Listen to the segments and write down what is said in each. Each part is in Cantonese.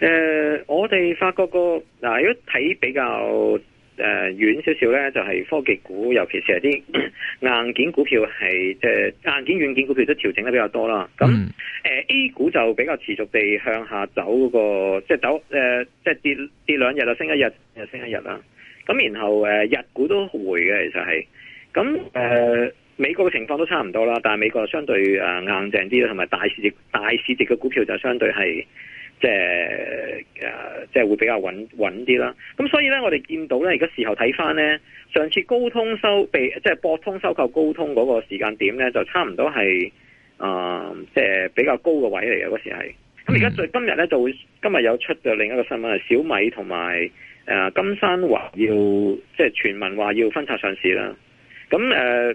誒、呃，我哋發覺個嗱，如果睇比較誒遠少少咧，就係、是、科技股，尤其是係啲硬件股票，係即係硬件、軟件股票都調整得比較多啦。咁誒、呃、，A 股就比較持續地向下走個，個、呃，即係走誒，即係跌跌兩日啦，升一日，又升一日啦。咁然後誒、呃，日股都回嘅，其實係咁誒，美國嘅情況都差唔多啦，但係美國相對誒硬淨啲啦，同埋大市大市值嘅股票就相對係。即係、呃、即係會比較穩穩啲啦。咁所以咧，我哋見到咧，而家時候睇翻咧，上次高通收被即係博通收購高通嗰個時間點咧，就差唔多係、呃、即係比較高嘅位嚟嘅嗰時係。咁而家最今日咧就會今日有出咗另一個新聞係小米同埋、呃、金山話要即係傳聞話要分拆上市啦。咁誒、呃，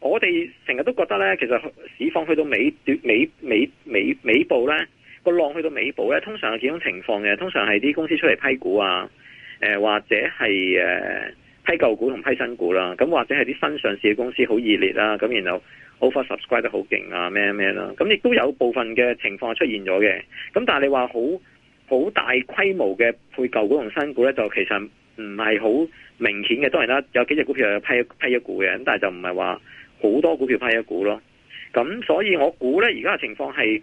我哋成日都覺得咧，其實市況去到尾段尾尾尾尾，尾，尾，尾，尾，尾部咧。個浪去到尾部咧，通常有幾種情況嘅，通常係啲公司出嚟批股啊，誒、呃、或者係誒、呃、批舊股同批新股啦，咁或者係啲新上市嘅公司好熱烈啦，咁然後好快 over subscribe 得好勁啊咩咩啦，咁亦都有部分嘅情況出現咗嘅，咁但係你話好好大規模嘅配舊股同新股咧，就其實唔係好明顯嘅，當然啦，有幾隻股票係批批一股嘅，但係就唔係話好多股票批一股咯，咁所以我估咧而家嘅情況係。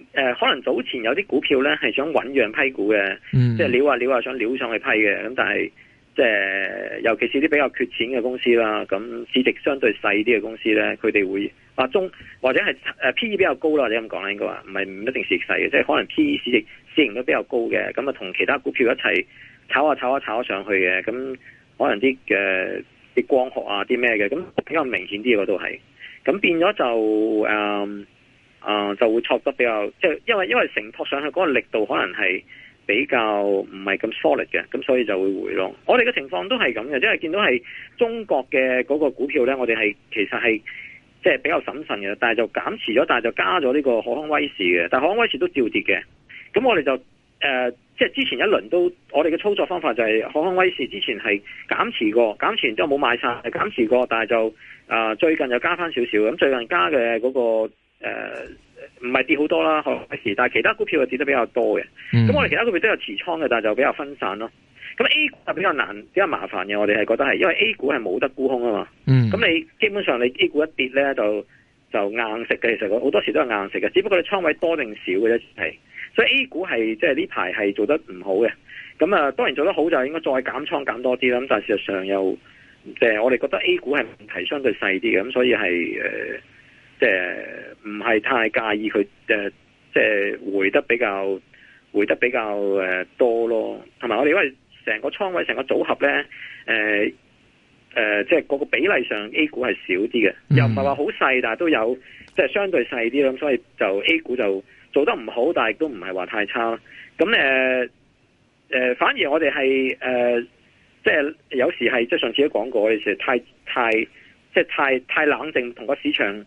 誒、呃，可能早前有啲股票咧係想醞釀批股嘅，嗯、即係撩下撩下想撩上去批嘅，咁但係即係尤其是啲比較缺錢嘅公司啦，咁市值相對細啲嘅公司咧，佢哋會或中或者係誒 P E 比較高啦，或者咁講啦應該話，唔係唔一定市值細嘅，即係可能 P E 市值市盈都比較高嘅，咁啊同其他股票一齊炒下、啊、炒一、啊、炒上去嘅，咁可能啲嘅啲光學啊啲咩嘅，咁比較明顯啲嘅都係，咁變咗就誒。呃啊、呃，就會錯得比較，即、就、係、是、因為因為承托上去嗰個力度可能係比較唔係咁 solid 嘅，咁所以就會回落。我哋嘅情況都係咁嘅，因、就、為、是、見到係中國嘅嗰個股票呢，我哋係其實係即係比較審慎嘅，但係就減持咗，但係就加咗呢個海康威視嘅，但係海康威視都照跌嘅。咁我哋就誒，即、呃、係、就是、之前一輪都我哋嘅操作方法就係海康威視之前係減持過，減持之後冇買晒，減持過，但係就啊、呃、最近又加翻少少，咁最近加嘅嗰、那個。誒，唔係、呃、跌好多啦，可是但係其他股票就跌得比較多嘅。咁、嗯、我哋其他股票都有持倉嘅，但係就比較分散咯。咁 A 股係比較難、比較麻煩嘅，我哋係覺得係，因為 A 股係冇得沽空啊嘛。咁、嗯、你基本上你 A 股一跌咧，就就硬食嘅，其實好多時都係硬食嘅。只不過你倉位多定少嘅啫，係。所以 A 股係即係呢排係做得唔好嘅。咁啊、呃，當然做得好就應該再減倉減多啲啦。咁但係事實上又，即、就、係、是、我哋覺得 A 股係問題相對細啲嘅，咁所以係誒。呃即係唔係太介意佢，誒，即係回得比較回得比較誒多咯。同埋我哋因為成個倉位、成個組合咧，誒、呃，誒、呃，即係個個比例上 A 股係少啲嘅，嗯、又唔係話好細，但係都有，即係相對細啲咁，所以就 A 股就做得唔好，但係都唔係話太差。咁誒，誒、呃呃，反而我哋係誒，即係有時係即係上次都講過，嘅時太太即係太太冷靜同個市場。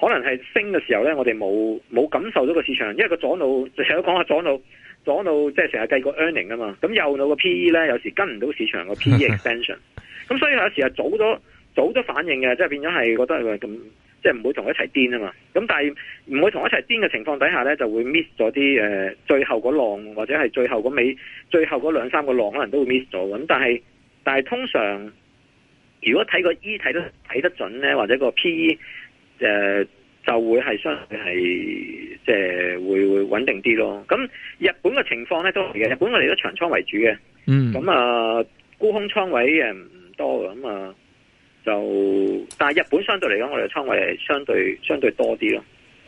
可能係升嘅時候咧，我哋冇冇感受到個市場，因為個左腦成日講下左腦左腦，即係成日計個 earning 啊嘛。咁右腦個 P E 咧，有時跟唔到市場個 P E extension。咁所以有時係早咗早咗反應嘅、呃，即係變咗係覺得咁，即係唔會同一齊癲啊嘛。咁但係唔會同一齊癲嘅情況底下咧，就會 miss 咗啲、呃、最後個浪或者係最後嗰尾、最後嗰兩三個浪，可能都會 miss 咗。咁但係但係通常，如果睇個 E 睇得睇得準咧，或者個 P E。誒，就會係相對係即係會會穩定啲咯。咁日本嘅情況咧都係嘅，日本我哋都長倉為主嘅、嗯嗯。嗯。咁啊，沽空倉位誒唔多嘅，咁啊就，但係日本相對嚟講，我哋嘅倉位係相對相對多啲咯。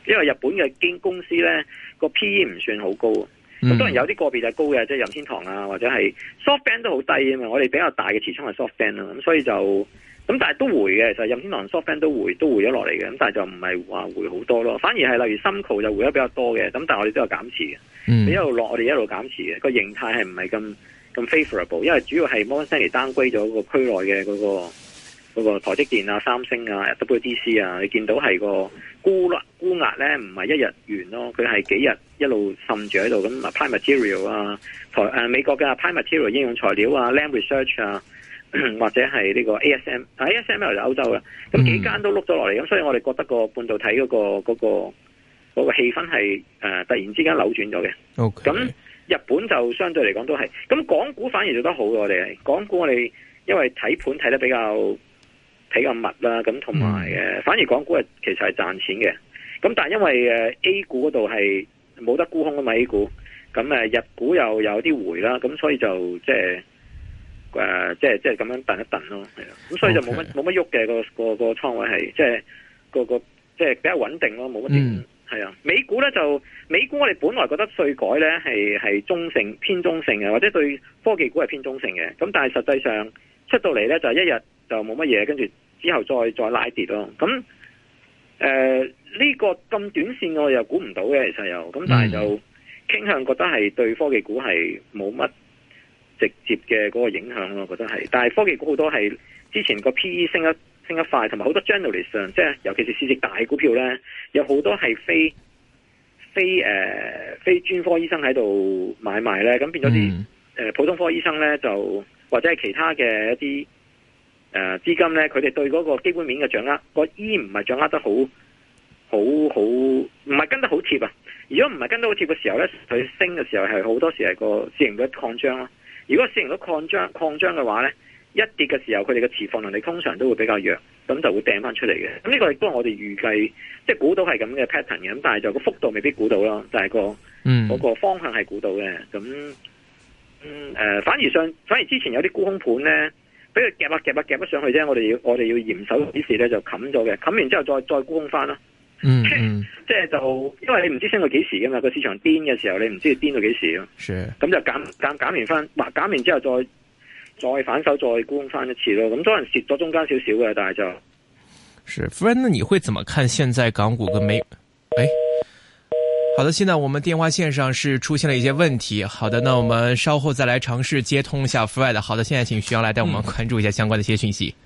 因為日本嘅經公司咧個 PE 唔算好高，咁、嗯、當然有啲個別係高嘅，即係任天堂啊或者係 SoftBank 都好低啊嘛。我哋比較大嘅持倉係 SoftBank 啦，咁所以就。咁、嗯、但係都回嘅，其實任天堂 SoftBank 都回，都回咗落嚟嘅，咁但係就唔係話回好多咯，反而係例如 Sumco 就回咗比較多嘅，咁但係我哋都有減持嘅，你、嗯、一路落我哋一路減持嘅，個形態係唔係咁咁 favorable？因為主要係 Morgan Stanley downgrade 咗個區內嘅嗰、嗰個嗰個台積電啊、三星啊、WDC 啊，你見到係個沽率沽壓咧唔係一日完咯，佢係幾日一路滲住喺度咁。Prime Material 啊，台誒、呃、美國嘅 Prime Material 應用材料啊，Lam Research 啊。或者係呢個 ASM，啊 ASML 嚟歐洲啦，咁幾間都碌咗落嚟，咁、嗯、所以我哋覺得個半導體嗰、嗰個嗰、嗰個、嗰個氣氛係誒、呃、突然之間扭轉咗嘅。咁 Okay. 日本就相對嚟講都係，咁港股反而做得好嘅我哋。港股我哋因為睇盤睇得比較比較密啦，咁同埋誒反而港股係其實係賺錢嘅。咁但係因為誒 A 股嗰度係冇得沽空嘅嘛，A 股咁誒日股又有啲回啦，咁所以就即係。就是誒、啊，即係即係咁樣等一等咯，係啊，咁所以就冇乜冇乜喐嘅個個個倉位係，即係個個即係比較穩定咯，冇乜點係啊。美股咧就美股，我哋本來覺得稅改咧係係中性偏中性嘅，或者對科技股係偏中性嘅，咁但係實際上出到嚟咧就一日就冇乜嘢，跟住之後再再拉跌咯。咁誒呢個咁短綫我又估唔到嘅，其實又咁，但係就傾向覺得係對科技股係冇乜。直接嘅嗰個影響咯，我覺得係，但係科技股好多係之前個 P E 升得升得快，同埋好多 generalist 上，即係尤其是市值大股票咧，有好多係非非誒、呃、非專科醫生喺度買賣咧，咁變咗啲誒普通科醫生咧，就或者係其他嘅一啲誒、呃、資金咧，佢哋對嗰個基本面嘅掌握個 E 唔係掌握得好好好，唔係跟得好貼啊。如果唔係跟得好貼嘅時候咧，佢升嘅時候係好多時係個市盈率擴張咯，啊。如果形成咗擴張擴張嘅話咧，一跌嘅時候佢哋嘅持貨能力通常都會比較弱，咁就會掟翻出嚟嘅。咁呢個亦都係我哋預計，即係估到係咁嘅 pattern 嘅。咁但係就是個幅度未必估到咯，但係個嗰個方向係估到嘅。咁嗯、呃、反而上反而之前有啲沽空盤咧，俾佢夾啊夾啊夾咗上去啫。我哋要我哋要嚴守指示咧，就冚咗嘅。冚完之後再再沽空翻啦。嗯，嗯，即係就，因為你唔知升到幾時噶嘛，個市場癲嘅時候，你唔知癲到幾時咯。是，咁就減減減完翻，啊，減完之後再再反手再觀翻一次咯。咁當然蝕咗中間少少嘅，但係就。是，Frank，那你會怎麼看現在港股跟美誒、哎，好的，現在我們電話線上是出現了一些問題。好的，那我們稍後再來嘗試接通一下 Frank，好的，現在請徐陽來帶我們關注一下相關的一些訊息。嗯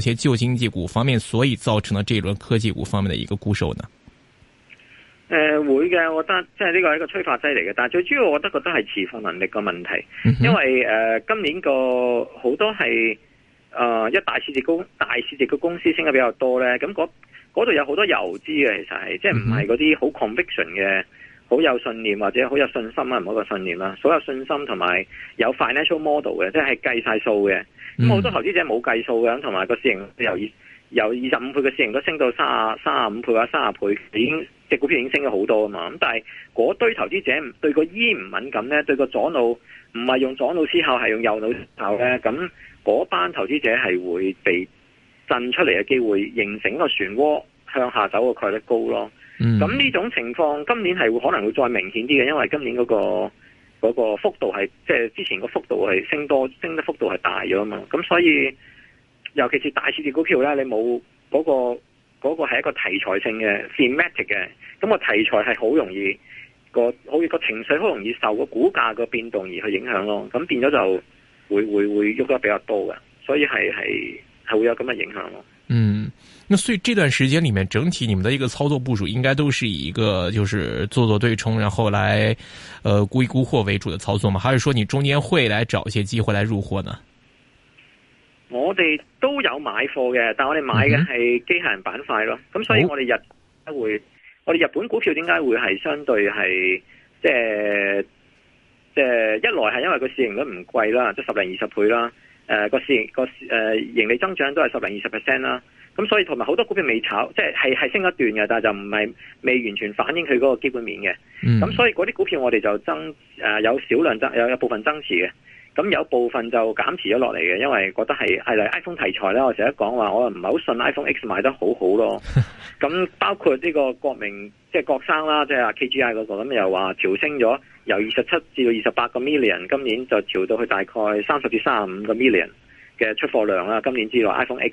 些舊經濟股方面，所以造成了這一輪科技股方面的一個固守呢？誒、呃、會嘅，我覺得即係呢個係一個催化劑嚟嘅，但係最主要，我覺得覺得係持貨能力嘅問題，因為誒、呃、今年個好多係誒、呃、一大市值公、大市值嘅公司升得比較多呢。咁嗰度有好多游資嘅，其實係即係唔係嗰啲好 conviction 嘅。好有信念或者好有信心啊，唔好個信念啦，所有信心同埋有 financial model 嘅，即係計晒數嘅。咁好多投資者冇計數嘅，同埋個市盈由二由二十五倍嘅市盈都升到三啊三啊五倍或者三啊倍，已經隻股票已經升咗好多啊嘛。咁但係嗰堆投資者對個 E 唔敏感咧，對個左腦唔係用左腦思考，係用右腦思考咧。咁嗰班投資者係會被震出嚟嘅機會，形成一個漩渦向下走嘅概率高咯。咁呢、嗯、種情況，今年係會可能會再明顯啲嘅，因為今年嗰、嗰個嗰、嗰個幅度係，即係之前個幅度係升多，升得幅度係大咗啊嘛，咁所以尤其是大市嘅股票咧，你冇嗰、嗰個嗰、嗰個係一個題材性嘅 thematic 嘅，咁、嗰個題材係好容易、嗰個好易、嗰個情緒好容易受個股價個變動而去影響咯，咁變咗就會會會喐得比較多嘅，所以係係係會有咁嘅影響咯。那所以這段時間裏面，整體你們的一個操作部署應該都是以一個就是做做對沖，然後來呃沽一沽貨為主的操作嗎？還是說你中間會來找一些機會來入貨呢？我哋都有買貨嘅，但我哋買嘅係機械人板塊咯。咁、嗯嗯、所以我哋日會，哦、我哋日本股票點解會係相對係即係即係一來係因為個市盈率唔貴啦，即係十零二十倍啦。誒、呃，個市個誒、呃、盈利增長都係十零二十 percent 啦。咁所以同埋好多股票未炒，即係係升一段嘅，但係就唔係未完全反映佢嗰個基本面嘅。咁、嗯、所以嗰啲股票我哋就增誒有少量增，有一部分增持嘅。咁有部分就減持咗落嚟嘅，因為覺得係係嚟 iPhone 題材啦。我成日講話，我唔係好信 iPhone X 賣得好好咯。咁 包括呢個郭明，即係郭生啦，即係 KGI 嗰、那個咁又話調升咗，由二十七至到二十八個 million，今年就調到去大概三十至三十五個 million 嘅出貨量啦。今年之內 iPhone X。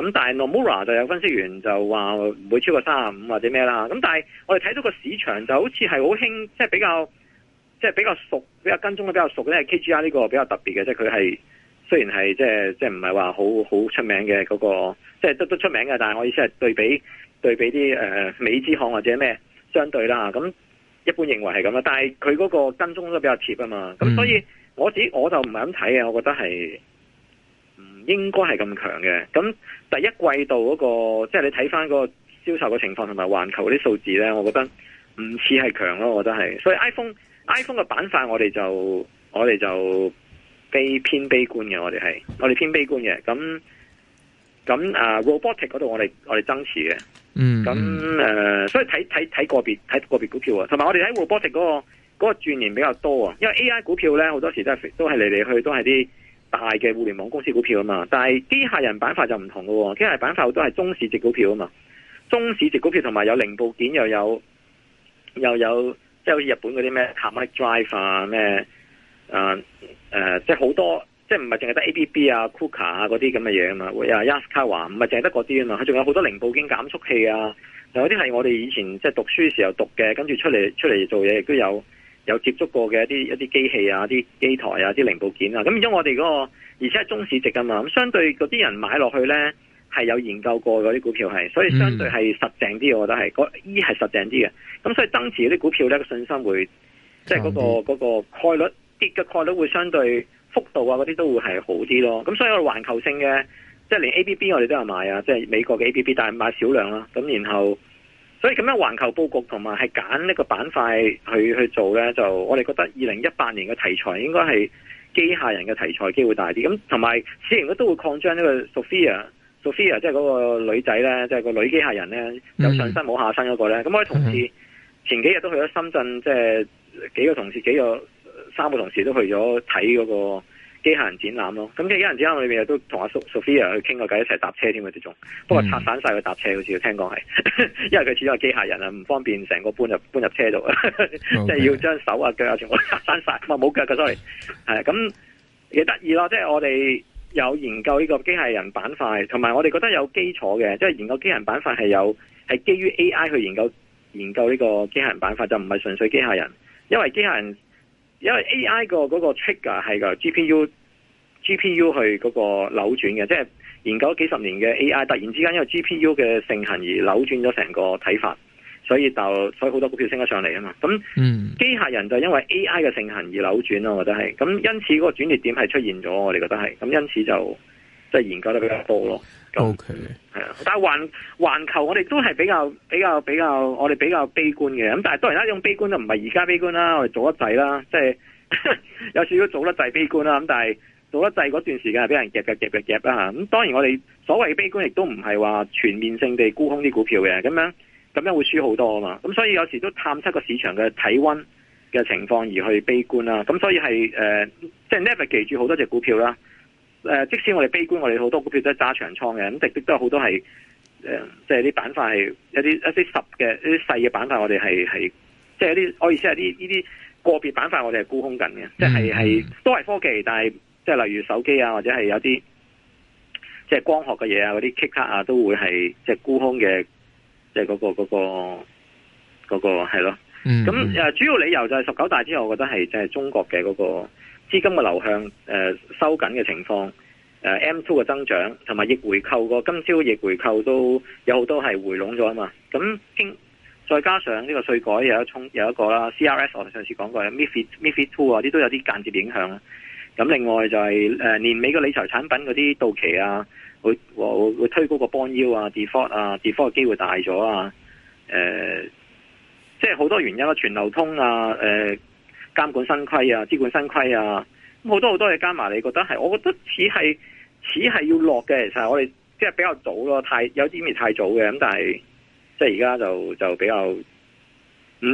咁但係 Nomura 就有分析員就話唔會超過三十五或者咩啦。咁但係我哋睇到個市場就好似係好興，即係比較即係比較熟，比較跟蹤得比較熟咧。KGR 呢個比較特別嘅，即係佢係雖然係即係即係唔係話好好出名嘅嗰個，即係都都出名嘅，但係我意思係對比對比啲、呃、美資行或者咩相對啦。咁一般認為係咁啦，但係佢嗰個跟蹤都比較貼啊嘛。咁所以我自己我就唔係咁睇嘅，我覺得係。應該係咁強嘅，咁第一季度嗰個即係你睇翻個銷售嘅情況同埋環球啲數字呢，我覺得唔似係強咯，我覺得係。所以 iPhone, iPhone iPhone 嘅板塊我哋就我哋就悲偏悲觀嘅，我哋係我哋偏悲觀嘅。咁咁啊、uh，robotic 嗰度我哋我哋增持嘅。嗯，嗯那，咁誒，所以睇睇睇個別睇個別股票啊，同埋我哋睇 robotic 嗰個嗰個轉型比較多啊，因為 AI 股票呢，好多時都係都係嚟嚟去都係啲。大嘅互聯網公司股票啊嘛，但係機械人板塊就唔同咯、哦。機械人板塊我都係中市值股票啊嘛，中市值股票同埋有零部件又有又有，即係好似日本嗰啲咩 Harmonic drive 啊咩，誒誒、呃呃，即係好多，即係唔係淨係得 ABB 啊、Kuka 啊嗰啲咁嘅嘢啊嘛，又係 Yaskawa，唔係淨係得嗰啲啊嘛，佢仲有好多零部件減速器啊，有啲係我哋以前即係讀書時候讀嘅，跟住出嚟出嚟做嘢亦都有。有接觸過嘅一啲一啲機器啊、啲機台啊、啲零部件啊，咁而家我哋嗰、嗰個，而且係中市值㗎嘛，咁相對嗰啲人買落去咧係有研究過嗰啲股票係，所以相對係實淨啲，嗯、我覺得係個一係實淨啲嘅，咁所以增持啲股票咧個信心會，即係嗰個概率跌嘅、嗰個、概率會相對幅度啊嗰啲都會係好啲咯，咁所以個環球性嘅即係連 A B B 我哋都有買啊，即、就、係、係、美國嘅 A B B，但係買少量啦，咁然後。所以咁樣環球布局同埋係揀呢個板塊去去做呢，就我哋覺得二零一八年嘅題材應該係機械人嘅題材機會大啲。咁同埋始終都都會擴張呢個 Sophia，Sophia 即係嗰個女仔呢，即係個女機械人呢，有上身冇下身嗰個呢。咁，嗯，我哋同事前幾日都去咗深圳，即係幾個同事，幾個三個同事都去咗睇嗰個機械人展覽咯，咁機械人展覽裏面亦都同阿 Sophia 去傾過偈，一齊搭車添佢哋仲，嗯、不過拆散晒佢搭車好似聽講係， 因為佢始終係機械人啊，唔方便成個搬入搬入車度， Okay. 即係要將手啊腳啊全部拆散晒，冇腳嘅 sorry，係咁幾得意咯，即係、 就是、我哋有研究呢個機械人板塊，同埋我哋覺得有基礎嘅，即、就、係、是、研究機械人板塊係有係基於 AI 去研究研究呢個機械人板塊，就唔係純粹機械人，因為機械人。因為 A I 個嗰個 trigger 係個 G P U G P U 去嗰個扭轉嘅，即係研究幾十年嘅 A I 突然之間因為 G P U 嘅盛行而扭轉咗成個睇法，所以就所以好多股票升得上嚟啊嘛。咁、嗯、機械人就因為 A I 嘅盛行而扭轉咯，我覺得係。咁因此嗰個轉捩點係出現咗，我哋覺得係。咁因此就。即係研究得比較多咯，OK 係啊，但係環環球我哋都係比較比較比較，我哋比較悲觀嘅，咁但係當然啦呢種悲觀就唔係而家悲觀啦，我哋做得滯啦，即、就、係、是、 有少少做得滯悲觀啦，咁但係做得滯嗰段時間係俾人夾嘅夾嘅夾啦吓，咁、啊嗯、當然我哋所謂悲觀亦都唔係話全面性地沽空啲股票嘅，咁樣咁樣會輸好多啊嘛，咁所以有時都探測個市場嘅體溫嘅情況而去悲觀啦，咁、啊、所以係誒，即係 navigate 記住好多隻股票啦。誒、呃，即使我哋悲觀，我哋好多股票都係揸長倉嘅，咁滴都有好多係誒，即係啲板塊係一啲一啲十嘅一啲細嘅板塊我，我哋係係即係啲，我意思係啲呢啲個別板塊，我哋係沽空緊嘅，嗯、即係係都係科技，但係即係例如手機啊，或者係有啲即係光學嘅嘢啊，嗰啲 camera 啊，都會係即係沽空嘅，即係嗰個嗰、嗰個嗰、嗰個係咯。咁誒，主要理由就係十九大之後，我覺得係係、就係、中國嘅嗰、嗰個。資金嘅流向，誒、呃、收緊嘅情況，誒、呃、M2 嘅增長，同埋逆回購個今朝逆回購都有好多係回籠咗啊嘛。咁經再加上呢個稅改有一衝有一個啦，CRS 我哋上次講過，MiFID、MiFID II 啊啲都有啲間接影響啦。咁另外就係誒年尾嘅理財產品嗰啲到期啊，會會推高個 bond yield 啊，default 啊，default 嘅機會大咗啊。誒、呃，即係好多原因啊，全流通啊，誒、呃。監管新規啊，資管新規啊，咁好多好多嘢加埋，你覺得係？我覺得似係似係要落嘅，其實我哋即係比較早咯，太有啲咩太早嘅，咁但係即係而家就就比較唔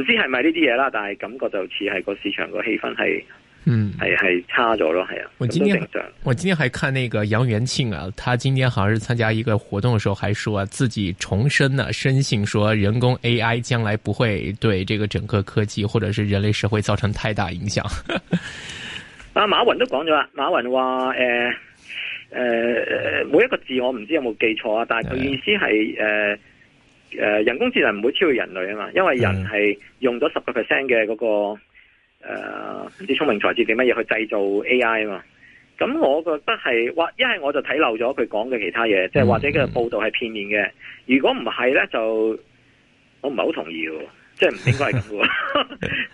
知係咪呢啲嘢啦，但係感覺就似係個市場個氣氛係。嗯，係係差咗咯，係啊。我今天我今天還看那個楊元慶啊，他今天好像是參加一個活動的時候，還說、啊、自己重申呢、啊，深信說人工 AI 將來不會對這個整個科技或者是人類社會造成太大影響。阿、 啊、馬雲都講咗，馬雲話誒誒，每一個字我唔知有冇記錯啊，但係佢意思係誒誒，人工智能唔會超越人類啊嘛，因為人係用咗十個 percent 嘅嗰個。誒，唔、呃、知聰明才智點乜嘢去製造 A.I. 嘛？咁我覺得係，或一係我就睇漏咗佢講嘅其他嘢，嗯、即係或者嘅報道係片面嘅。如果唔係咧，就我唔係好同意，即係唔應該係咁喎。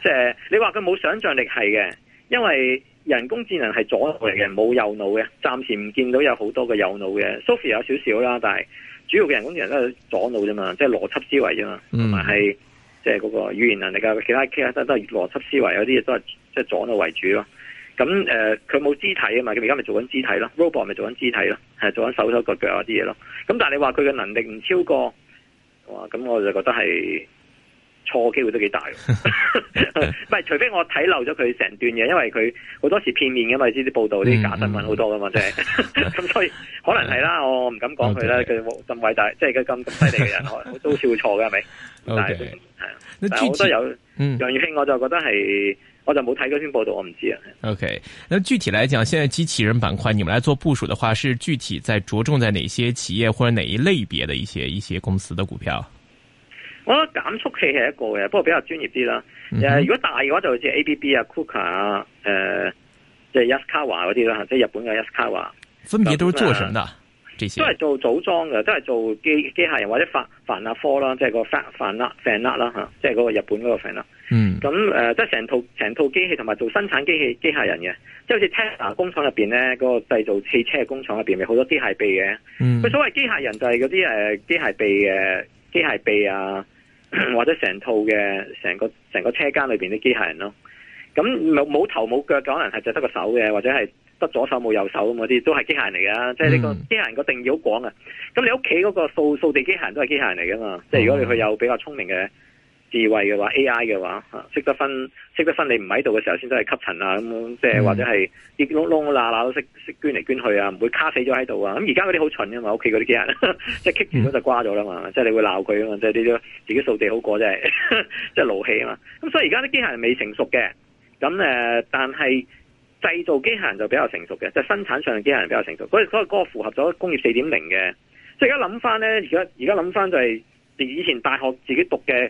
即係、 就是、你話佢冇想象力係嘅，因為人工智能係左腦嘅，冇右腦嘅，暫時唔見到有好多嘅右腦嘅。嗯、Sophie 有少少啦，但係主要嘅人工智能都係左腦啫嘛，即係邏輯思維啫嘛，同埋係。即係嗰個語言能力啊，其他 K 啊，都係係邏輯思維，有啲嘢都係即係左腦為主咯。咁誒，佢、呃、冇肢體啊嘛，佢而家咪做緊肢體咯，robot 咪做緊肢體咯，係做緊手手腳腳嗰啲嘢咯。咁但係你話佢嘅能力唔超過，哇！咁我就覺得係。錯機會都幾大，唔 係。除非我睇漏咗佢成段嘢，因為佢好多時片面噶嘛，呢啲報道啲假新聞好多噶嘛，即係咁，所以可能係啦，嗯、我唔敢講佢啦，佢冇咁偉大，即係佢咁犀利嘅人，好多少會錯噶係咪？但係都係，但係好多有楊宇興，嗯、楊我就覺得係，我就冇睇嗰篇報道，我唔知啊。O、okay. K，那具體嚟講，現在機器人板塊，你們來做部署嘅話，是具體在着重在哪些企業或者哪一類別的一些一些公司的股票？我覺得減速器係一個嘅，不過比較專業啲啦。嗯、哼如果大嘅話，就好似 ABB 啊、Kuka 啊、即係 Yaskawa 嗰啲啦，即日本嘅 Yaskawa。分別都是做什麼的？那些都係做組裝嘅，都係做機機械人或者發發那科啦，即係個 fan 發那那啦嚇，即係嗰個日本嗰個 fan、嗯、那。咁、呃、誒，即係成套成套機器同埋做生產機器機械人嘅，即係好似 Tesla 工廠入邊咧，嗰、那個製造汽車嘅工廠入邊咪好多機械臂嘅。佢、嗯、所謂機械人就係嗰啲誒機械臂嘅。機械臂啊，或者成套嘅，成個成個車間裏邊啲機械人咯，咁冇冇頭冇腳可能係只得個手嘅，或者係得左手冇右手咁嗰啲，都係機械人嚟噶，即係呢個機械人個定義好廣啊。咁你屋企嗰個掃掃地機械人都係機械人嚟噶嘛？嗯、即係如果你佢有比較聰明嘅。智慧嘅話，A.I. 嘅話，嚇識得分，識得分。你唔喺度嘅時候，先真係吸塵啊。咁即係或者係跌碌窿啦啦，都識識捐嚟捐去啊，唔會卡死咗喺度啊。咁而家嗰啲好蠢噶嘛，屋企嗰啲機器人即係棘住咗就瓜咗啦嘛。即係你會鬧佢啊嘛，即係啲都自己掃地好過，真係即係勞氣啊。咁所以而家啲機械人未成熟嘅咁誒，但係製造機械人就比較成熟嘅，即係生產上嘅機械人比較成熟。所以嗰個符合咗工業四點零嘅。即係而家諗翻咧，而家而家諗翻就係以前大學自己讀嘅。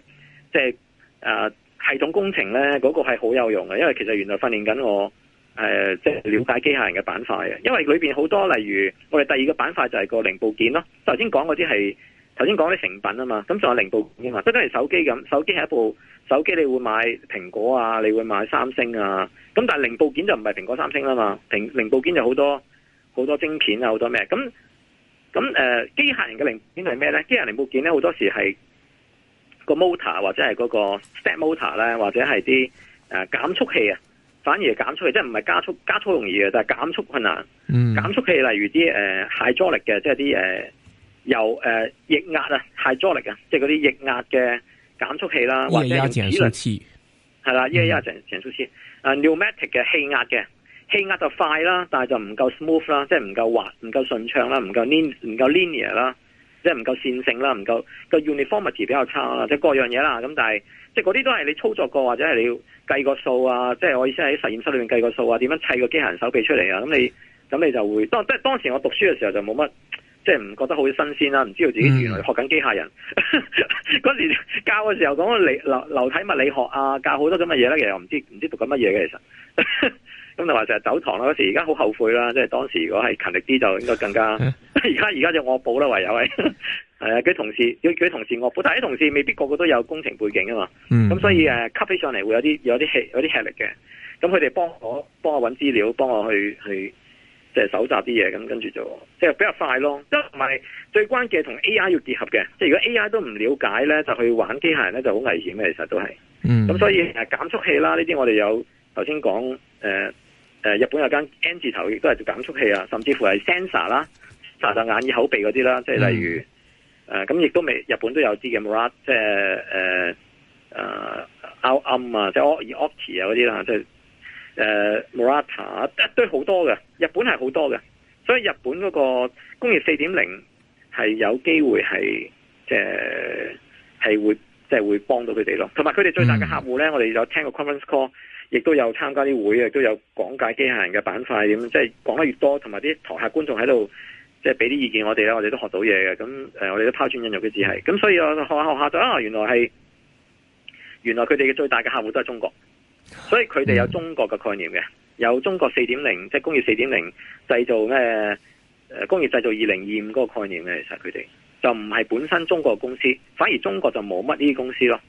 即係誒，系統工程咧，嗰個係好有用嘅，因為其實原來訓練緊我誒，即係了解機械人嘅板塊嘅。因為裏邊好多例如，我哋第二個板塊就係個零部件咯。頭先講嗰啲係頭先講啲成品啊嘛，咁仲有零部件啊嘛。即係手機咁，手機係一部手機，你會買蘋果啊，你會買三星啊。咁但係零部件就唔係蘋果、三星啦嘛，零零部件就好多好多晶片啊，好多咩？咁咁誒，機械人嘅零件係咩咧？機械人零部件咧，好多時係。個 motor 或者係嗰個 step motor 咧，或者係啲誒減速器啊，反而減速器即係唔係加速加速容易嘅，但係減速困難。減、嗯、速器例如啲誒 hydraulic 嘅，即係啲誒由誒液壓啊 hydraulic 啊，ic，即係嗰啲液壓嘅減速器啦，或者係齒輪齒系啦，液壓、齒輪、齒輪 n 啊 pneumatic 嘅氣壓嘅氣壓就快啦，但係就唔夠 smooth 啦，即係唔夠滑、唔夠順暢啦、唔夠 lin 唔夠 linear 啦。即係唔夠線性啦，唔夠個 uniformity 比較差啦，即係各樣嘢啦。咁但係即係嗰啲都係你操作過或者係你要計個數啊。即係我意思係喺實驗室裏面計個數啊，點樣砌個機械人手臂出嚟啊。咁你咁你就會當即係當時我讀書嘅時候就冇乜，即係唔覺得好新鮮啦，唔知道自己原來學緊機械人嗰時教嘅時候講理流流體物理學啊，教好多咁嘅嘢咧，其實我唔知唔知讀緊乜嘢嘅其實。 咁、嗯、就話成日走堂啦嗰時，而家好後悔啦，即係當時如果係勤力啲就應該更加。而家而家就惡補啦，唯有係係啊！佢同事，佢佢同事惡補，但係啲同事未必個個都有工程背景啊嘛。咁、嗯嗯、所以誒，吸起上嚟會有啲有啲有啲吃，吃力嘅。咁佢哋幫我幫我搵資料，幫我去去即係搜集啲嘢。咁跟住就即係比較快咯。即係同埋最關鍵同 A I 要結合嘅，即係如果 A I 都唔了解咧，就去玩機械人咧就好危險嘅。其實都係。咁、嗯嗯嗯、所以誒減速器啦，呢啲我哋有。頭先講誒誒，日本有間 N 字頭亦都係做減速器啊，甚至乎係 sensor 啦，查實眼耳口鼻嗰啲啦，即係例如誒，咁亦、嗯呃、都未，日本都有啲嘅 Murata，呃呃、即係誒誒凹凹啊，即係 O 爾 Opti 啊嗰啲啦，即係誒、呃、Murata 一、呃、堆好多嘅，日本係好多嘅，所以日本嗰個工業四點零係有機會係即係係會即係會幫到佢哋咯，同埋佢哋最大嘅客戶咧，嗯、我哋有聽過 Conference Call。亦都有參加啲會啊，都有講解機械人嘅板塊咁，即係講得越多，同埋啲台下觀眾喺度即係俾啲意見我哋啦，我哋都學到嘢嘅。咁、呃、我哋都拋磚引玉嘅，只係咁。所以我學下學下就啊，原來係原來佢哋嘅最大嘅客戶都係中國，所以佢哋有中國嘅概念嘅，有中國四點零，即係工業四點零製造咩誒、呃、工業製造二零二五嗰個概念嘅，其實佢哋就唔係本身中國公司，反而中國就冇乜呢啲公司咯。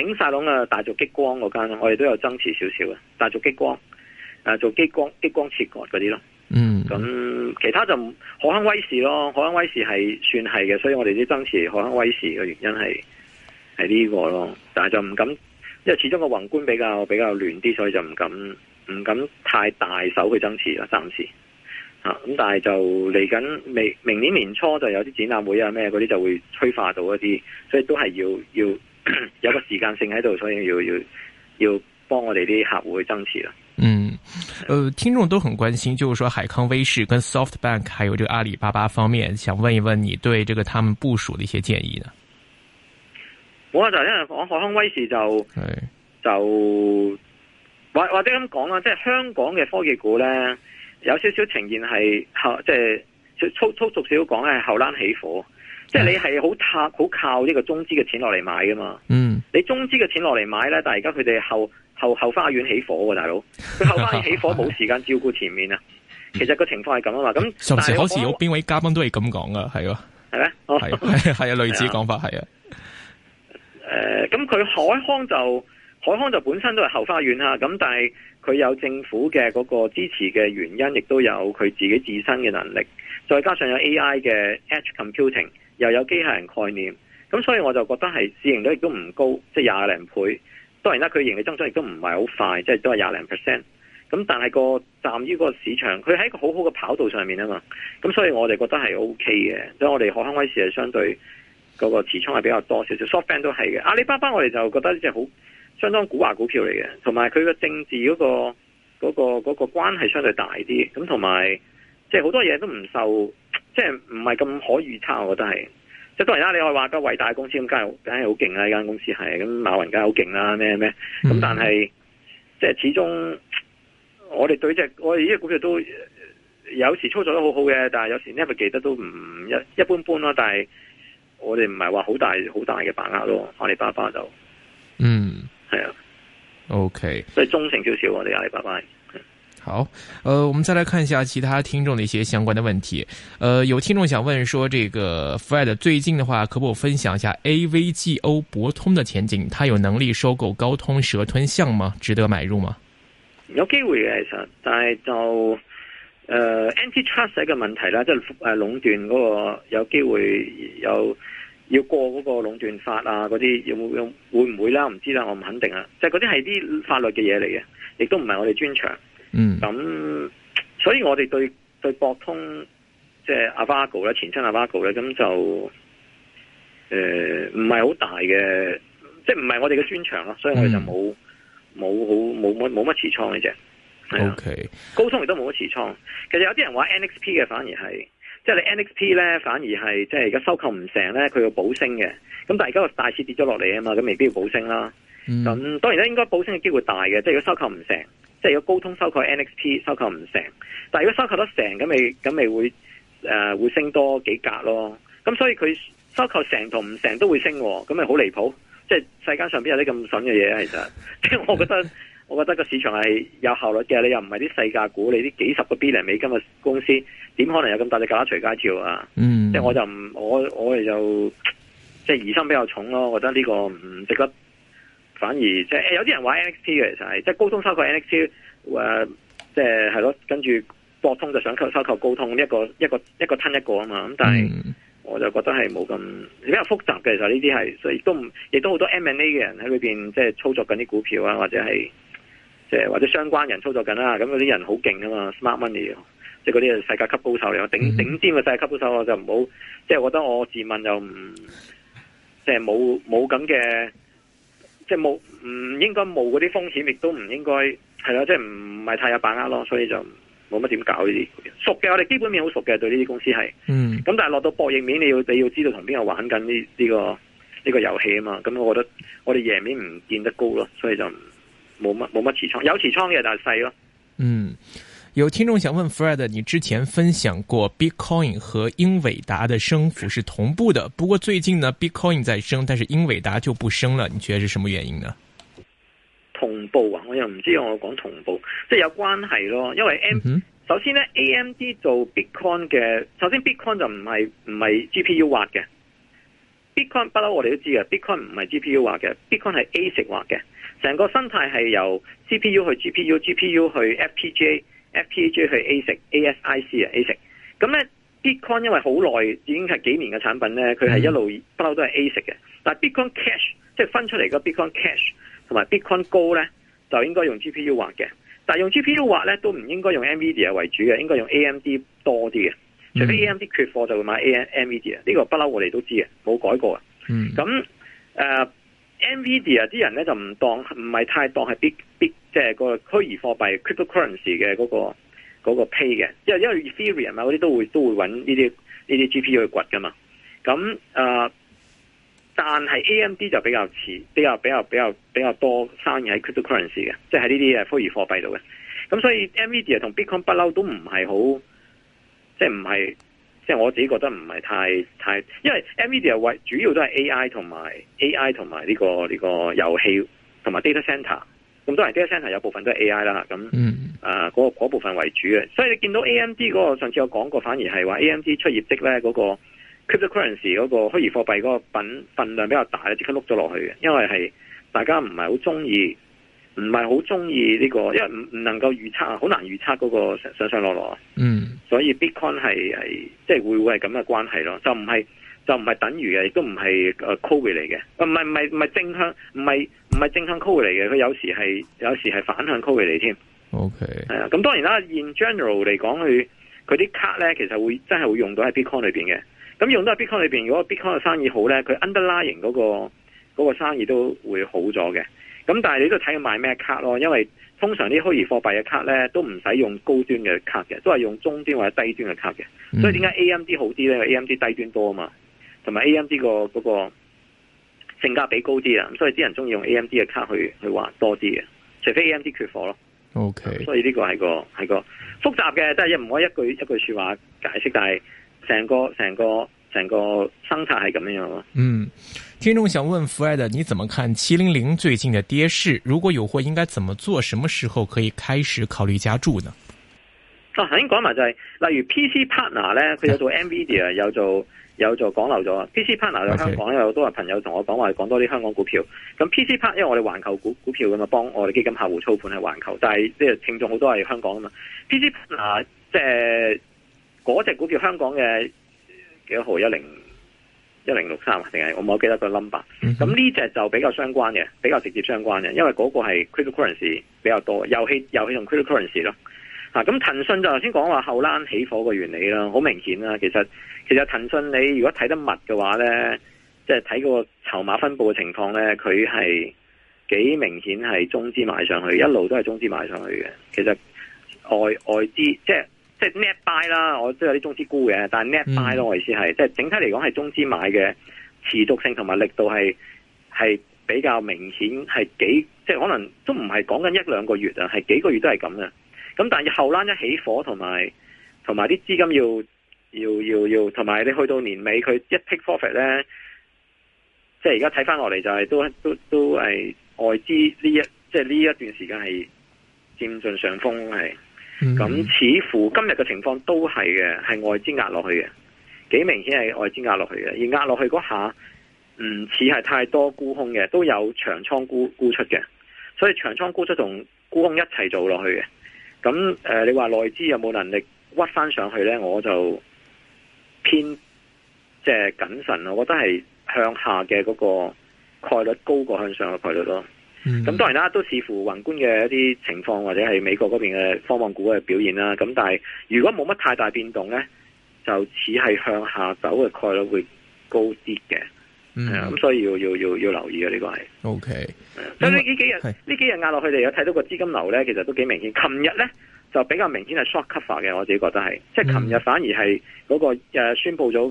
整晒籠啊！的大族激光嗰間，我哋都有增持少少嘅。大族激光，誒、啊，做激光激光切割嗰啲咯。嗯。咁其他就海康威視咯，海康威視係算係嘅，所以我哋啲增持海康威視嘅原因係係呢個咯。但係就唔敢，因為始終個宏觀比較比較亂啲，所以就唔敢唔敢太大手去增持啦，暫時。啊，咁但係就嚟緊未明年年初就有啲展覽會啊咩嗰啲就會催化到一啲，所以都係要要。要有個時間性喺度，所以要要要幫我哋啲客戶去增持啦。嗯，呃，聽眾都很關心，就是說海康威視、跟 SoftBank 還有這個阿里巴巴方面，想問一問你對這個他們部署的一些建議呢？我、嗯、就因為講海康威視就是就或或者咁講啦，即係香港嘅科技股呢有少少呈現係後，即係粗，粗粗俗少少講係後欄起火。即係你係好靠好靠呢個中資嘅錢落嚟買噶嘛？嗯，你中資嘅錢落嚟買咧，但係而家佢哋後後後花園起火喎，啊，大佬佢後花園起火冇 時間照顧前面啊！其實個情況係咁啊嘛，咁上次好似有邊位嘉賓都係咁講啊，係咯，係、oh. 咩？ 係係啊，類似講法係啊。誒，咁佢海康就海康就本身都係後花園啦，啊，咁但係佢有政府嘅嗰個支持嘅原因，亦都有佢自己自身嘅能力，再加上有 A I 嘅 Edge Computing。又有機械人概念，咁所以我就覺得係市盈率亦都唔高，即係廿零倍。當然啦，佢盈利增長亦都唔係好快，即係都係廿零 percent。咁但係個站於個市場，佢喺一個好好嘅跑道上面啊嘛。咁所以我哋覺得係 OK 嘅。所以我哋海康威視係相對嗰個持倉係比較多少少。Softbank 都係嘅。阿里巴巴我哋就覺得呢隻好相當古惑股票嚟嘅，同埋佢個政治嗰個嗰個嗰個關係相對大啲。咁同埋。即係好多嘢都唔受，即係唔係咁可預測，我覺得係。即係當然啦，你可以話個偉大公司咁，梗係梗係好勁啦，呢、啊、間公司係咁，馬雲、啊，梗係好勁啦，咩咩咁，但係即係始終我哋對隻我哋呢啲股票都有時操作得好好嘅，但係有時你係咪記得都唔一一般般啦。但係我哋唔係話好大好大嘅把握咯，阿里巴巴就嗯係啊，OK，所以中性少少我哋阿里巴巴。好，呃，我們再來看一下其他聽眾的一些相關的問題。呃，有聽眾想問說，這個 Fred 最近的話，可否分享一下 AVGO 博通的前景？它有能力收購高通蛇吞象嗎？值得買入嗎？有機會嘅，其實但係就，呃，antitrust 嘅問題啦，即係誒壟斷嗰個有機會有要過嗰個壟斷法啊，嗰啲有冇有會唔會啦？我唔知啦，我唔肯定啊。就嗰啲係啲法律嘅嘢嚟嘅，亦都唔係我哋專長。嗯，咁所以我哋對對博通即係 Avago 咧，前身 Avago 咧，咁就誒唔係好大嘅，即係唔係我哋嘅專長咯，所以我哋就冇冇好冇乜冇乜持倉嘅啫。OK，高通亦都冇乜持倉。其實有啲人話 N X P 嘅反而係，即係你 N X P 咧反而係，即係而家收購唔成咧，佢要補升嘅。咁但係而家個大市跌咗落嚟啊嘛，咁未必要補升啦。咁，嗯，當然咧，應該補升嘅機會大嘅，即係如果收購唔成。即係個高通收購 NXP 收購唔成，但係如果收購得成咁，咪咁咪會誒、呃、會升多幾格咯。咁所以佢收購成同唔成都會升，咁咪好離譜。即係世界上邊有啲咁筍嘅嘢？其實即係我覺得，我覺得個市場係有效率嘅。你又唔係啲世界股，你啲幾十個 B 零美金嘅公司，點可能有咁大隻蛤乸隨街跳啊？嗯、即係我就唔我我哋就即係疑心比較重咯。我覺得呢個唔值得。反而、欸、些即係有啲人玩 NXT 嘅其實係即係高通收購 NXT，誒即係係咯，跟住博通就想收購高通一個一個一個吞一個啊嘛，咁但係我就覺得係冇咁比較複雜嘅，其實呢啲係所以都亦都好多 M and A 嘅人喺裏邊即係操作緊啲股票啦、啊，或者係即係或者相關人操作緊啦、啊，咁嗰啲人好勁啊嘛，smart money，即係嗰啲係世界級高手嚟，頂頂、嗯、哼尖嘅世界級高手我就唔好，即係我覺得我自問又唔即係冇冇咁嘅。沒即係冇，唔、嗯、應該冒嗰啲風險，亦都唔應該係啦，即係唔係太有把握咯，所以就冇乜點搞呢啲熟嘅，我哋基本面好熟嘅，對呢啲公司係，咁、嗯、但係落到博弈面，你要你要知道同邊個玩緊呢呢個呢個遊戲啊嘛，咁我覺得我哋贏面唔見得高咯，所以就冇乜冇乜持倉，有持倉嘅但係細咯，嗯。有聽眾想問 Fred，你之前分享過 Bitcoin 和英偉達的升幅是同步的，不過最近呢 Bitcoin 在升，但是英偉達就不升了，你覺得是什麼原因呢？同步啊，我又唔知道我講同步即係有關係咯，因為 M、嗯、哼首先呢 AMD 做 Bitcoin 嘅，首先就不是不是 Bitcoin 就唔係唔係 GPU 挖嘅，Bitcoin 不嬲我哋都知嘅，Bitcoin 唔係 GPU 挖嘅，Bitcoin 係 ASIC 挖嘅，成個生態係由 CPU 去 GPU，GPU 去 FPGA。FPGA，去 ASIC，ASIC 啊，ASIC。咁咧，Bitcoin 因為好耐已經係幾年嘅產品咧，佢係一路不嬲都係 ASIC 嘅。但係 Bitcoin Cash 即係分出嚟嘅 Bitcoin Cash 同埋 Bitcoin Go 咧，就應該用 GPU 畫嘅。但係用 GPU 畫咧，都唔應該用 NVIDIA 為主嘅，應該用 AMD 多啲嘅。除非 AMD 缺貨，就會買 AM NVIDIA。呢個不嬲，我哋都知嘅，冇改過嘅。咁誒。Nvidia 啲人咧就唔當，唔係太當係 big big 即係個虛擬貨幣 cryptocurrency 嘅嗰個嗰個 pay 嘅，因為因、e、為 ethereum 啊嗰啲都會都會揾呢啲呢啲 GPU 去掘噶嘛，咁、呃、啊，但係 AMD 就比較遲，比較比較比較比較多生意喺 cryptocurrency 嘅，即係呢啲誒虛擬貨幣度嘅，咁所以 Nvidia 同 Bitcoin 不嬲都唔係好，即係唔係。即係我自己覺得唔係太太，因為 NVIDIA 主要都係 AI 同埋 AI 同埋呢個呢、這個遊戲同埋 data center 咁都係 data center 有部分都係 AI 啦，咁、嗯、啊嗰、那個、部分為主嘅，所以你見到 AMD 嗰、那個上次我講過，反而係話 AMD 出業績咧嗰個 cryptocurrency 嗰個虛擬貨幣嗰個份份量比較大，即刻碌咗落去嘅，因為係大家唔係好中意。唔係好中意呢個，因為唔唔能夠預測啊，好難預測嗰個上上上落落。嗯，所以 Bitcoin 係係即係、就是、會會係咁嘅關係咯，就唔係就唔係等於嘅，亦都唔係誒 Cover 嚟嘅，唔係唔係唔係正向，唔係唔係正向 Cover 嚟嘅，佢有時係有時係反向 Cover 嚟添。O K，係啊，咁當然啦，In general 嚟講，佢佢啲卡咧，其實會真係會用到喺 Bitcoin 裏邊嘅。咁用到喺 Bitcoin 裏邊，如果 Bitcoin 嘅生意好咧，佢 underlying 型、那、嗰、個、嗰、那個生意都會好咗嘅。咁但係你都睇佢買咩卡咯，因為通常啲虛擬貨幣嘅卡咧都唔使用，用高端嘅卡嘅，都係用中端或者低端嘅卡嘅。所以點解 AMD 好啲咧？因為 AMD 低端多啊嘛，同埋 AMD 個嗰個性價比高啲啊，所以啲人中意用 AMD 嘅卡去去玩多啲嘅，除非 AMD 缺貨咯。OK，所以呢個係個係個複雜嘅，即係唔可以一句一句說話解釋，但係成個成個成個生態係咁樣咯。嗯。聽眾想問 Fred，你怎麼看七零零最近的跌勢，如果有貨，應該怎麼做？什麼時候可以開始考慮加注呢？啊，頭先講埋就係、是，例如 PC Partner 咧，佢有做 Nvidia，、啊、有做有做港樓咗 PC Partner 喺香港，okay. 有好多朋友同我講話講多啲香港股票。咁 PC Partner 因為我哋環球股股票咁嘛，幫我哋基金客戶操盤係環球，但係即係聽眾好多係香港啊嘛。PC Partner 即、呃、係嗰隻股票，香港嘅幾多號一零？一零六三啊，定係我冇記得個 number。咁呢隻就比較相關嘅，比較直接相關嘅，因為嗰個係 crypto currency 比較多，遊戲遊戲同 crypto currency 咯。咁、啊、騰訊就頭先講話後欄起火個原理啦，好明顯啦。其實其實騰訊你如果睇得密嘅話咧，即係睇個籌碼分佈嘅情況咧，佢係幾明顯係中資買上去，一路都係中資買上去嘅。其實外外資即係。即係 net buy 啦，我都有啲中資沽嘅，但係 net buy 咯，我意思係，即係整體嚟講係中資買嘅持續性同埋力度係係比較明顯，係幾即係可能都唔係講緊一兩個月啊，係幾個月都係咁嘅。咁但係後欄一起火同埋同埋啲資金要要要要，同埋你去到年尾佢一 take profit 咧，即係而家睇翻落嚟就係都都都係外資呢一即係呢一段時間係佔盡上風係。是咁、嗯嗯、似乎今日嘅情況都係嘅，係外資壓落去嘅，幾明顯係外資壓落去嘅。而壓落去嗰下，唔似係太多沽空嘅，都有長倉沽沽出嘅，所以長倉沽出同沽空一齊做落去嘅。咁誒、呃，你話內資有冇能力屈翻上去咧？我就偏即係謹慎，我覺得係向下嘅嗰個概率高過向上嘅概率咯。咁、嗯、當然啦，都視乎宏觀嘅一啲情況，或者係美國嗰邊嘅科網股嘅表現啦。咁但係如果冇乜太大變動咧，就似係向下走嘅概率會高啲嘅。咁、嗯、所以要要要要留意啊，呢個係。O K、嗯。咁呢幾幾日呢幾日壓落去，你有睇到個資金流咧，其實都幾明顯。琴日咧就比較明顯係 short cover 嘅，我自己覺得係。即係琴日反而係嗰個誒宣布咗、嗰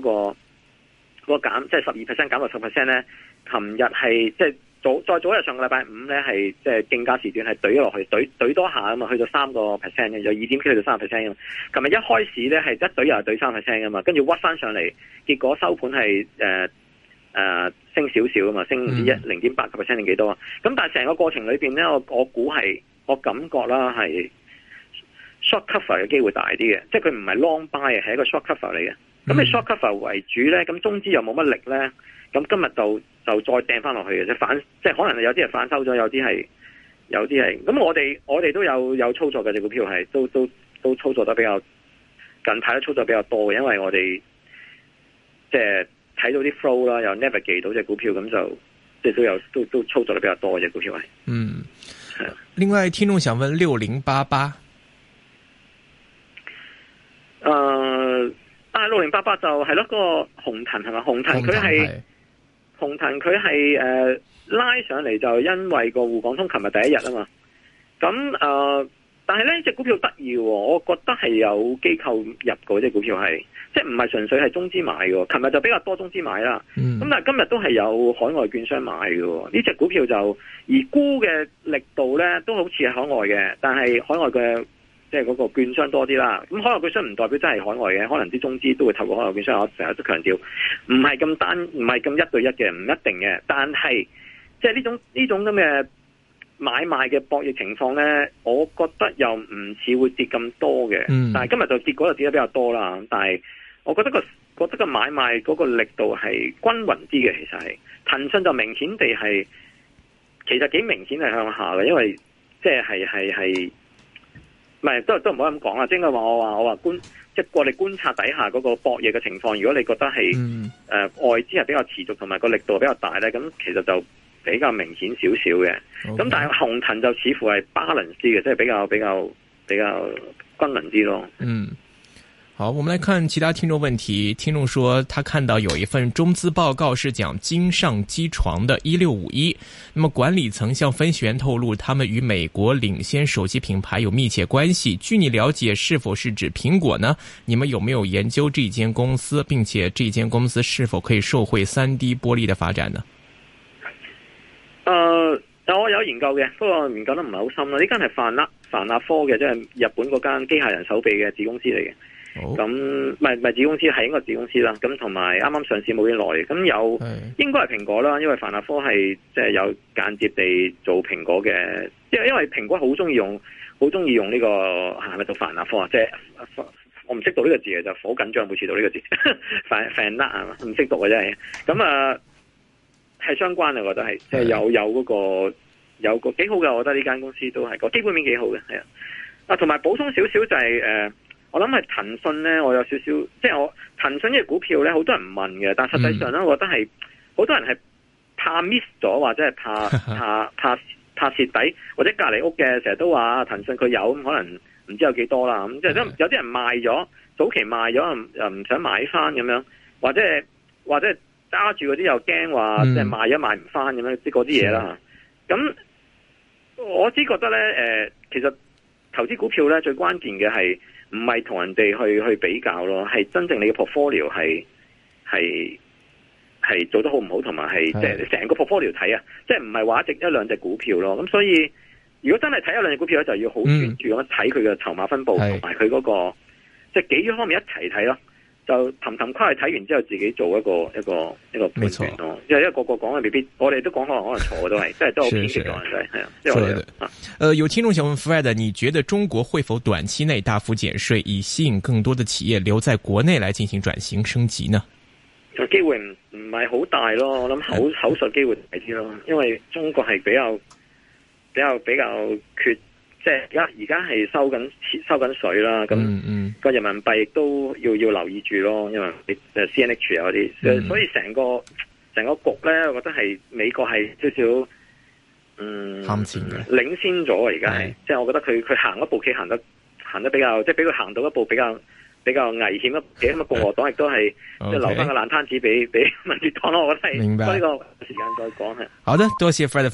個、嗰個減，即係十二 percent 減到十 percent 咧。琴日係即係。早再早日，上個禮拜五咧，係即係競價時段係懟落去，懟懟多下啊嘛，去到三個 percent 嘅，由二點幾去到三 percent 啊嘛。琴日一開始咧係一懟又係懟三十 percent 啊嘛，跟住屈翻上嚟，結果收盤係誒誒升少少啊嘛，升一零點八個 percent 定幾多啊？咁、嗯、但係成個過程裏邊咧，我我估係我感覺啦係 short cover 嘅機會大啲嘅，即係佢唔係 long buy 啊，係一個 short cover 嚟嘅。咁你、嗯、short cover 為主咧，咁中資又冇乜力咧，咁今日就。就再掟翻落去嘅啫，即反即係可能有啲係反收咗，有啲係有啲係，咁我哋我哋都有有操作嘅，隻股票，係都都都操作得比較近排都操作比較多嘅，因為我哋即係睇到啲 flow 啦，又 navigate 到隻股票，咁就即係都有都都操作得比較多嘅隻股票係。嗯，另外聽眾想問六零八八，誒、呃、啊六零八八就係、是、咯、那個鴻騰係咪鴻騰佢係。藤是紅騰佢係誒，拉上嚟就因為個滬港通，琴日第一日啊嘛。咁誒、呃，但係呢隻股票得意喎，我覺得係有機構入嗰隻股票係即係唔係純粹係中資買嘅，琴日就比較多中資買啦，咁、嗯、但係今日都係有海外券商買嘅，呢隻股票就而沽嘅力度呢，都好似係海外嘅，但係海外嘅。即係嗰個券商多啲啦，咁海外券商唔代表真係海外嘅，可能啲中資都會透過海外券商。我成日都強調，唔係咁單，唔係咁一對一嘅，唔一定嘅。但係即係呢種呢種咁嘅買賣嘅博弈情況咧，我覺得又唔似會跌咁多嘅。嗯、但係今日就結果就跌得比較多啦。但係我覺得個覺得個買賣嗰個力度係均勻啲嘅，其實係騰訊就明顯地係其實幾明顯係向下嘅，因為即係係係。係係唔係都都唔好咁講啦，即係話我話我話觀即係過嚟觀察底下嗰個博弈嘅情況，如果你覺得係誒、嗯呃、外資係比較持續同埋個力度比較大咧，咁其實就比較明顯少少嘅。咁 Okay. 但係紅騰就似乎係 balance 嘅，即係比較比較比較均衡啲咯。嗯。好，我們來看其他聽眾問題。聽眾說，他看到有一份中資報告是講金上機床的“一六五一”。那麼管理層向分析員透露，他們與美國領先手機品牌有密切關係。據你了解，是否是指蘋果呢？你們有沒有研究這間公司，並且這間公司是否可以受惠三 D 玻璃的發展呢？呃，我有研究嘅，不過研究得唔係好深咯。呢間係發那、發那科嘅，即係日本嗰間機械人手臂嘅子公司嚟嘅。咁唔係唔係子公司，係一個子公司啦。咁同埋啱啱上市冇幾耐，咁有的應該係蘋果啦，因為泛亞科係即係有間接地做蘋果嘅，即係因為蘋果好中意用，好中意用呢、這個係咪讀泛亞科啊？即係我唔識讀呢個字嘅，就好緊張每次讀呢個字，泛泛亞啊，唔識讀嘅真係。咁啊，係相關嘅，我覺得係即係有有嗰、那個有個幾好嘅。我覺得呢間公司都係個基本面幾好嘅，係啊。啊，同埋補充少少就係、是、誒。呃我諗係騰訊咧，我有少少，即係我騰訊嘅股票咧，好多人唔問嘅，但係實際上咧，嗯、我覺得係好多人係怕 miss 咗，或者係怕怕怕怕蝕底，或者隔籬屋嘅成日都話騰訊佢有，咁可能唔知有幾多啦，咁即係有啲人賣咗，早期賣咗又唔想買翻咁樣，或者或者揸住嗰啲又驚話、嗯、即係賣咗買唔翻咁樣，即嗰啲嘢啦。咁是的 我只覺得咧，誒、呃，其實投資股票咧，最關鍵嘅係。唔係同人哋去去比較咯，係真正你嘅 portfolio 係係係做得好唔好，同埋係即係你成個 portfolio 睇啊。即係唔係話一隻一兩隻股票咯。咁所以如果真係睇一兩隻股票咧，就要好專注咁睇佢嘅籌碼分布同埋佢嗰個即係幾方面一齊睇咯。就氹氹跨去睇完之後，自己做一個一個一個判斷咯。錯因為一個個講嘅未必，我哋都講可能可能錯嘅都係，即係都好偏激講嘅，係的啊。即係我哋，誒，有聽眾想問 Fred，你覺得中國會否短期內大幅減稅，以吸引更多的企業留在國內嚟進行轉型升級呢？就機會唔唔係好大咯，我諗口、嗯、口述機會大啲咯，因為中國係比較比較比較缺。即係而家，而家係收緊收緊水啦。咁個人民幣都要要留意住咯，因為 C N H 有啲，嗯、所以成個成個局咧，我覺得係美國係少少，嗯，的領先咗而家係。是嗯、即係我覺得佢佢行一步，佢行得行得比較，即係俾佢行到一步比較比較危險嘅。咁共和黨亦都係 即係留翻個爛攤子俾俾民主黨咯。我覺得明白。呢個時間再講係。好的，多謝 Fred。